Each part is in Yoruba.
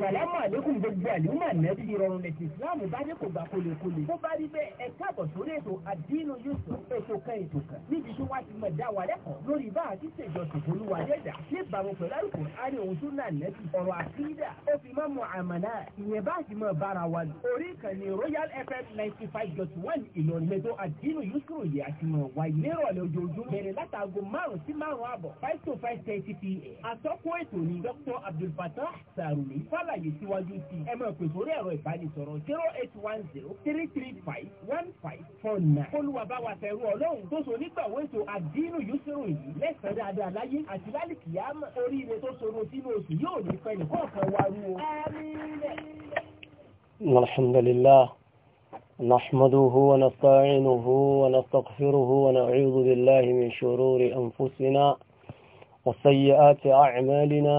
sàlámù àlékún gbogbo àlùmọ̀ nẹ́bí ìrọ̀rùn ẹ̀sìn islam bá dé kò gbà kólekóle. tó bá rí bẹ́ẹ̀ ẹ káàbọ̀ sórí ètò àdínú yusuf ètò kan ètò kan níbi tí wọ́n ti mọ̀ dá wa lẹ́kọ̀ọ́ lórí bá àti ṣèjọsìn olúwa dẹ́dà ní ìbámu pẹ̀lú àlùkò àrí ohun tó náà nẹ́bí ọ̀rọ̀ àkídà ó fi mọ́ mọ́ àmàlà ìyẹn bá ti mọ̀ bára wa lò. orí ìkànnì royal fm ninety five dot one ìlọrin lẹ́tọ́ àdínú yusuf yìí àti mọ̀ wáyé nírọ̀lẹ́ ojoojúmọ́ bẹ̀rẹ̀ látàgò márùn-ún sí márùn-ún àbọ̀ five to five thirty pm. àtọ́kùn ètò ni dr abdulfatah sarumi fal fàlàyé síwájú sí ẹ máa pè sórí ẹ̀rọ ìbánisọ̀rọ̀ zero eight one zero three three five one five four nine. olùwàbáwa tẹ̀rù ọlọ́run tó so nígbàwó ètò àdínú yusuf yìí lẹ́sàn-án dáadáa láyé àti lálìkìyàmọ̀ oríire tó sọ̀rọ̀ sínú oṣù yóò ní pẹ́ nìkọ̀ọ̀kan wa rú o. الحمد لله نحمده ونستعينه ونستغفره ونعوذ بالله من شرور أنفسنا وسيئات أعمالنا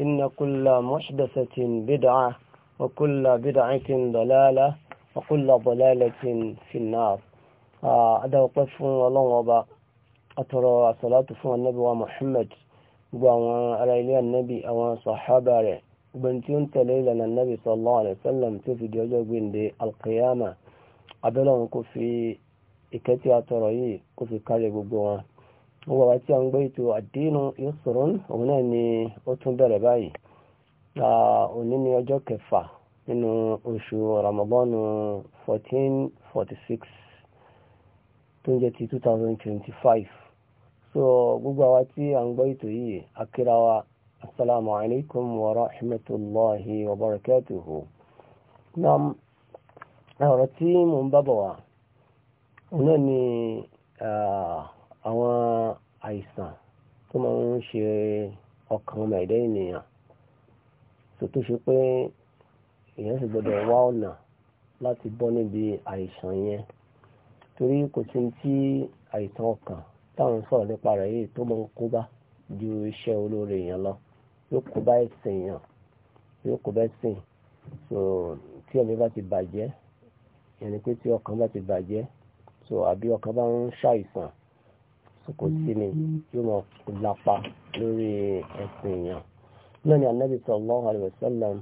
إن كل محدثة بدعة وكل بدعة ضلالة وكل ضلالة في النار هذا وقف الله وبا أترى الصلاة فوق النبي ومحمد وعلى إلي النبي أو صحابة بنتين تليلا النبي صلى الله عليه وسلم تفي ديوجو بندي القيامة أبلون في إكتي أترى كفي كالي بقوان gbogbo àti àwọn gbé ètò àdínú yusrun òun náà ni ó tún bẹ̀rẹ̀ báyìí òní ni ọjọ́ 1446 tó ń 2025 so gbogbo àwa tí à ń gbọ́ ètò yìí akíra wa assalamu alaikum wa rahmatulahi wa barakatuhu ọ̀rọ̀ tí mò ń àìsàn tó máa ń ṣe ọkàn ọmọ ẹ̀dá ènìyàn tó tó ṣe pé èèyàn sì gbọdọ̀ wá ọ̀nà láti bọ́ níbi àìsàn yẹn torí kò sí tí àìsàn ọkàn táwọn sọ̀rọ̀ nípa rẹ̀ yìí tó máa ń kóbá ju iṣẹ́ olóore èèyàn lọ yóò kóbá ẹ̀sìn èèyàn yóò kóbá ẹ̀sìn so tí ẹ̀mí bá ti bàjẹ́ ẹni pé tí ọkàn bá ti bàjẹ́ so àbí ọkàn bá ń ṣàìsàn kò sí ni yóò mm-hmm. máa lapa lórí ẹ̀sìn èèyàn náà ni anabi sallallahu alayhi wa sallam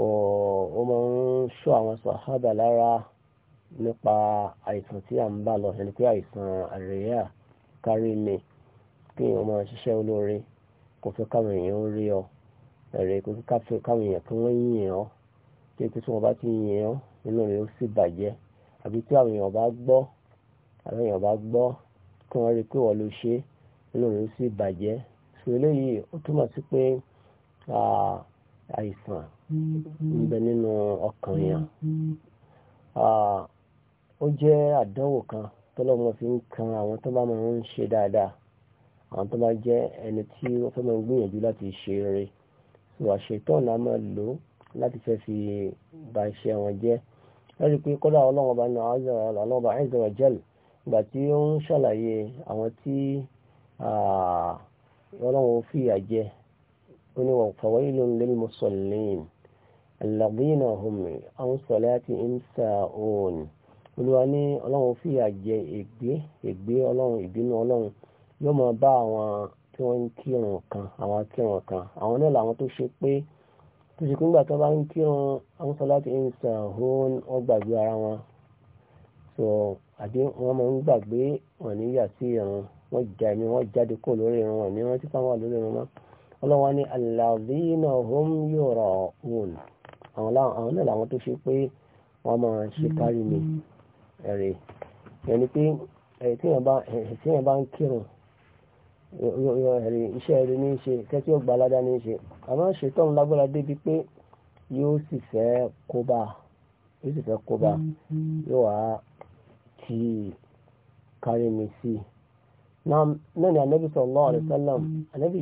ó máa ń ṣọ́ àwọn sàhábà lára nípa àìsàn tí a ń bá lọ ẹni pé àìsàn àríyá kárí mi kí èèyàn máa ṣiṣẹ́ olóore kò fẹ́ káwọn èèyàn ó rí ọ ẹ̀rẹ́ kò fẹ́ káwọn èèyàn kí wọ́n yìn ọ́ tí èkó tí wọ́n bá ti yìn ọ́ inú rẹ̀ ó sì bàjẹ́ àbí tí àwọn èèyàn bá gbọ́ àwọn èèyàn bá gbọ́ kí wọ́n rí i pé wọ́n ló ṣe olóòrùn sì bàjẹ́ sọ eléyìí ó túmọ̀ sí pé àìsàn ń bẹ nínú ọkàn yẹn ó jẹ́ àdánwò kan tọ́lọ́mọ fi ń kan àwọn tó bá máa ń ṣe dáadáa àwọn tó bá jẹ́ ẹni tí wọ́n fẹ́ máa ń gbìyànjú láti ṣe eré ìwà ṣètọ́n náà máa lò ó láti fẹ́ fi ba iṣẹ́ wọn jẹ́ lórí pé kọ́dà ọlọ́wọ́n bá ní àwọn ọlọ́wọ́n bá àìsàn ọ̀jẹ̀lì ìgbà tí ó ń ṣàlàyé àwọn tí ọlọ́run fìyà jẹ ó ní wọn fawailun lil musallin alladhina hum an salatihim sa'un olúwa ní ọlọ́run fìyà jẹ ègbé ègbé ọlọ́run ìbínú ọlọ́run yóò máa bá àwọn tí wọ́n ń kírun kan àwọn akírun kan àwọn náà làwọn tó ṣe pé tó ṣe pé ńgbà tó bá ń kírun an salatihim sa'un wọ́n gbàgbé ara wọn so àdé wọn máa ń gbàgbé wọn ní yà sí ìrun wọn jà ní wọn jáde kó lórí ìrun wọn ní wọn ti fáwọn lórí ìrun mọ ọlọ́wọ́ ní alladhina hum yura'un àwọn náà làwọn tó ṣe pé wọn máa ṣe kárí ni mm-hmm. ẹ̀rẹ̀ ẹni pé tíyàn bá ń kírun ẹ̀rẹ̀ iṣẹ́ rẹ̀ ní í ṣe kẹ́tí ó gba aládá ní í ṣe àmọ́ ṣètọ́n lágbára débi pé yóò sì fẹ́ kóbá yóò sì fẹ́ kóbá mm-hmm. yóò wá fi kárí mi sí i náà ní ànábì sallallahu alaihi wasallam mm. ànábì